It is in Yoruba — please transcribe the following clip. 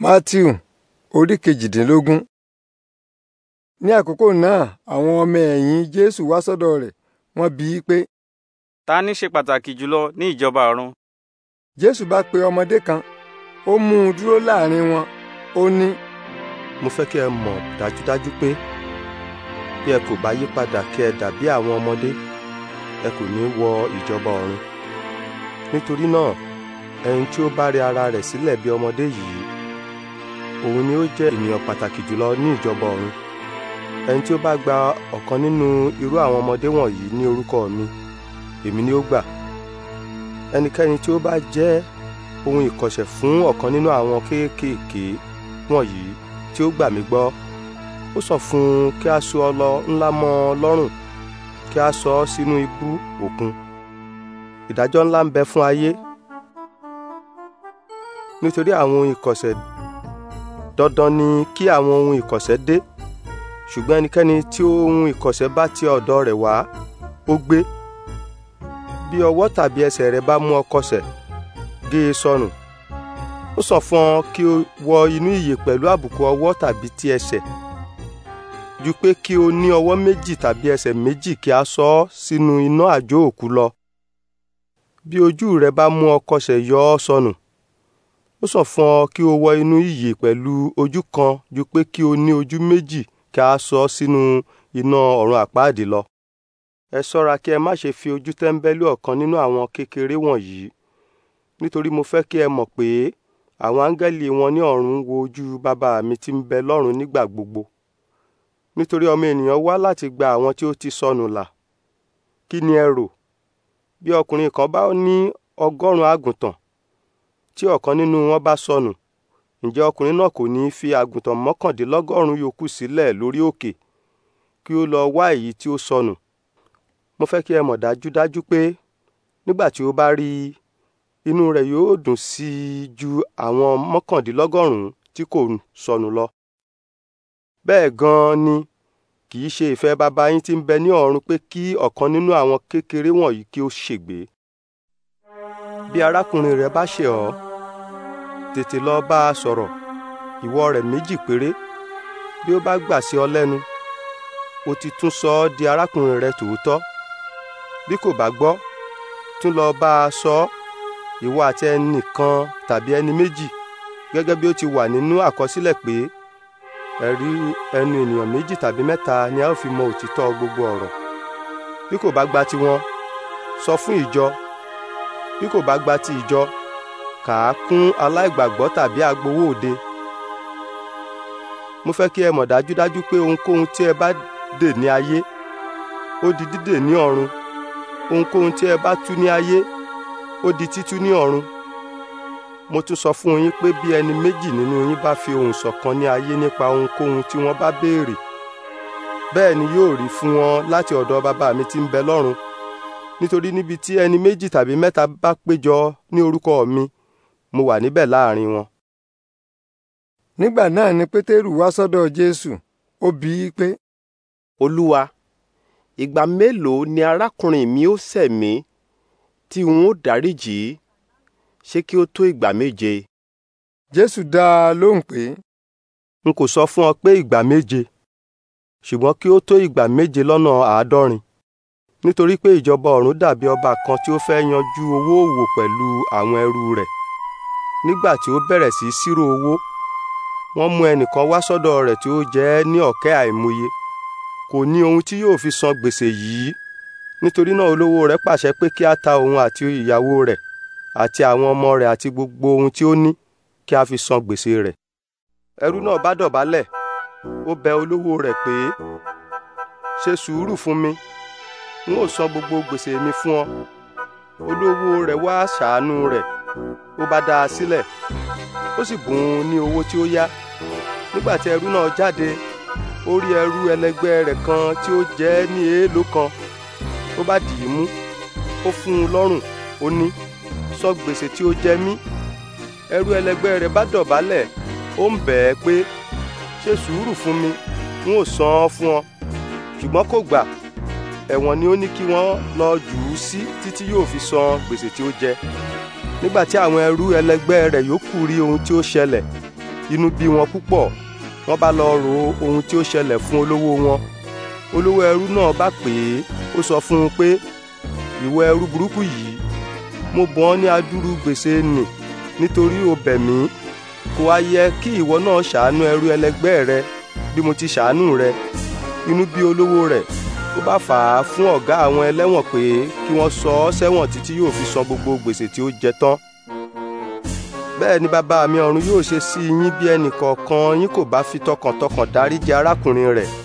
Matthew orí kejìdínlógún. Ní àkókò náà àwọn ọmọ ẹ̀yìn Jésù wá sọ́dọ̀ rẹ̀, wọ́n bi í pé. Ta ni ṣe pàtàkì jùlọ ní ìjọba ọ̀run? Jésù bá pe ọmọdé kan, ó mú un dúró láàrin wọn, ó ní. Mo fẹ́ kí ẹ mọ̀ dájúdájú pé bí ẹ kò bá yí padà kí ẹ dàbí àwọn ọmọdé, ẹ kò ní wọ ìjọba ọ̀run. Nítorí náà, ẹni tí ó bá rẹ ara rẹ̀ sílẹ̀ bí ọmọdé yìí òun ni ó jẹ́ ènìyàn pàtàkì jùlọ ní ìjọba ọ̀run ẹni tí ó bá gba ọ̀kan nínú irú àwọn ọmọdé wọ̀nyí ní orúkọ mi èmi ni ó gbà ẹnikẹ́ni tí ó bá jẹ́ ohun ìkọ̀sẹ̀ fún ọ̀kan nínú àwọn kéékèèké wọ̀nyí tí ó gbà mí gbọ́ ó sọ fún un kí a so ọlọ ńlá mọ́ ọ lọ́rùn kí a sọ ọ́ sínú ibú òkun ìdájọ́ ńlá ń bẹ fún ayé nítorí àwọn ohun ìkọ̀sẹ̀ dandan ni kí àwọn ohun ìkọ̀sẹ̀ dé ṣùgbọ́n ẹnikẹ́ni tí ohun ìkọ̀sẹ̀ bá ti ọ̀dọ̀ rẹ̀ wá ó gbé bí ọwọ́ tàbí ẹsẹ̀ rẹ̀ bá mú ọ kọsẹ̀ gé e sọnù ó sàn fún ọ kí o wọ inú ìyè pẹ̀lú àbùkù ọwọ́ tàbí ti ẹsẹ̀ ju pé kí o ní ọwọ́ méjì tàbí ẹsẹ̀ méjì kí a sọ ọ́ sínú iná àjò òkú lọ bí ojú rẹ bá mú ọ yọ ọ́ sọnù Ó sàn fún ọ kí o wọ inú ìyè pẹ̀lú ojú kan ju pé kí o ní ojú méjì kí a sọ ọ́ sínú iná ọ̀run àpáàdì lọ. Ẹ ṣọ́ra kí ẹ má ṣe fi ojú tẹ́ńbẹ́lú ọ̀kan nínú àwọn kékeré wọ̀nyí. Nítorí mo fẹ́ kí ẹ mọ̀ pé àwọn áńgẹ́lì wọn ní ọ̀run ń wo ojú Baba mi tí ń bẹ lọ́run nígbà gbogbo. Nítorí ọmọ ènìyàn wá láti gba àwọn tí ó ti sọnù là. Kí ni ẹ rò? Bí ọkùnrin kan bá ní ọgọ́rùn-ún àgùntàn tí ọ̀kan nínú wọn bá sọnù ǹjẹ́ ọkùnrin náà kò ní í fi àgùntàn mọ́kàndínlọ́gọ́rùn-ún yòókù sílẹ̀ lórí òkè kí ó lọ wá èyí tí ó sọnù mo fẹ́ kí ẹ mọ̀ dájúdájú pé nígbà tí ó bá rí i inú rẹ̀ yóò dùn sí i ju àwọn mọ́kàndínlọ́gọ́rùn-ún tí kò sọnù lọ bẹ́ẹ̀ gan-an ni kì í ṣe ìfẹ́ baba yín tí ń bẹ ní ọ̀run pé kí ọ̀kan nínú àwọn kékeré wọ̀nyí kí ó ṣègbé bí arákùnrin rẹ bá ṣẹ̀ ọ́ tètè lọ bá a sọ̀rọ̀ ìwọ rẹ̀ méjì péré bí ó bá gbà sí ọ lẹ́nu o ti tún sọ ọ́ di arákùnrin rẹ tòótọ́ bí kò bá gbọ́ tún lọ bá a sọ ọ́ ìwọ àti ẹnì kan tàbí ẹni méjì gẹ́gẹ́ bí ó ti wà nínú àkọsílẹ̀ pé ẹ̀rí ẹnu ènìyàn méjì tàbí mẹ́ta ni a ó fi mọ òtítọ́ gbogbo ọ̀rọ̀ bí kò bá gba tiwọn sọ fún ìjọ bí kò bá gba ti ìjọ kà á kún aláìgbàgbọ́ tàbí agbowó òde mo fẹ́ kí ẹ mọ̀ dájúdájú pé ohunkóhun tí ẹ bá dè ní ayé ó di dídè ní ọ̀run ohunkóhun tí ẹ bá tú ní ayé ó di títú ní ọ̀run mo tún sọ fún yín pé bí ẹni méjì nínú yín bá fi ohùn ṣọ̀kan ní ayé nípa ohunkóhun tí wọ́n bá béèrè bẹ́ẹ̀ ni yóò rí fún wọn láti ọ̀dọ̀ bàbá mi tí ń bẹ lọ́run nítorí níbi tí ẹni méjì tàbí mẹ́ta bá péjọ ní orúkọ mi mo wà níbẹ̀ láàrin wọn. nígbà náà ni pétérù wá sọ́dọ̀ jésù ó bi í pé. olúwa ìgbà mélòó ni arákùnrin mi ó ṣẹ̀ mí tí n ó dáríjì í ṣé kí ó tó ìgbà méje. jésù dá a lóhùn pé. n kò sọ fún ọ pé ìgbà méje ṣùgbọ́n kí ó tó ìgbà méje lọ́nà àádọ́rin nítorí pé ìjọba ọ̀run dàbí ọba kan tí ó fẹ́ yanjú owó òwò pẹ̀lú àwọn ẹrú rẹ̀ nígbà tí ó bẹ̀rẹ̀ sí ṣírò owó wọ́n mú ẹnìkan wá sọ́dọ̀ rẹ̀ tí ó jẹ ẹ́ ní ọ̀kẹ́ àìmọye kò ní ohun tí yóò fi san gbèsè yìí nítorí náà olówó rẹ̀ pàṣẹ pé kí a ta òun àti ìyàwó rẹ̀ àti àwọn ọmọ rẹ̀ àti gbogbo ohun tí ó ní kí a fi san gbèsè rẹ̀ ẹrú náà bá dọ̀bálẹ̀ ó bẹ olówó rẹ̀ pé ṣe sùúrù fún mi n ó san gbogbo gbèsè mi fún ọ olówó rẹ̀ wá ṣàánú rẹ̀ ó bá dá a sílẹ̀ ó sì bùn ún ní owó tí ó yá nígbà tí ẹrú náà jáde ó rí ẹrú ẹlẹgbẹ́ rẹ̀ kan tí ó jẹ́ ní èèlò kan ó bá dì í mú ó fún un lọ́rùn ó ní sọ gbèsè tí ó jẹ mí ẹrú ẹlẹgbẹ́ rẹ̀ bá dọ̀bálẹ̀ ó ń bẹ̀ ẹ́ pé ṣe sùúrù fún mi n ó san án fún ọ ṣùgbọ́n kò gbà ẹ̀wọ̀n ni ó ní kí wọ́n lọ jù ú sí títí yóò fi san gbèsè tí ó jẹ nígbà tí àwọn ẹrú ẹlẹgbẹ́ rẹ̀ yòókù rí ohun tí ó ṣẹlẹ̀ inú bí wọn púpọ̀ wọ́n bá lọ rò ohun tí ó ṣẹlẹ̀ fún olówó wọn olówó ẹrú náà bá pè é ó sọ fún un pé ìwọ ẹrú burúkú yìí mo bọ̀ ọ́ ní adúrú gbèsè nì nítorí o bẹ̀ mí kò wá yẹ kí ìwọ náà ṣàánú ẹrú ẹlẹgbẹ́ rẹ bí mo ti ṣàánú rẹ inú bí olówó rẹ̀ ó bá fà á fún ọ̀gá àwọn ẹlẹ́wọ̀n pé kí wọ́n sọ ọ́ sẹ́wọ̀n títí yóò fi san gbogbo gbèsè tí ó jẹ tán bẹ́ẹ̀ ni bàbá mi ọ̀run yóò ṣe sí yín bí ẹnì kọ̀ọ̀kan yín kò bá fi tọkàntọkàn dáríjì arákùnrin rẹ̀